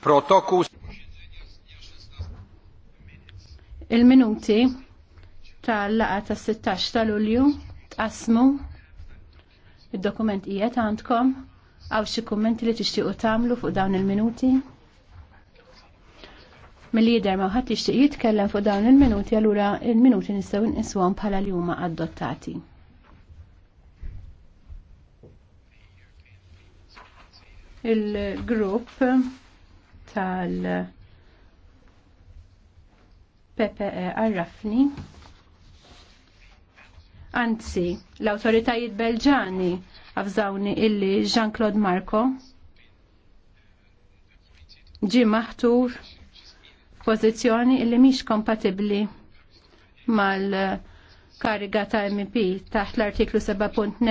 Protokół. Il-minuti tal-laqa ta' 16 ta' Lulju tqasmu id-dokument qiegħed għandkom għaw xi kummenti li tixtiequ tagħmlu fuq dawn il-minuti. Mill-lider ma ħadd jixtieq jitkellem fuq dawn il-minuti allura il-minuti nistgħu nqiswhom bħala li huma adottati. Il-grupp tal- PPE għarrafni. Anzi, l-autoritajiet belġani għafżawni illi Jean-Claude Marco ġi maħtur pozizjoni illi miex kompatibli mal-kariga ta' MP taħt l-artiklu 7.9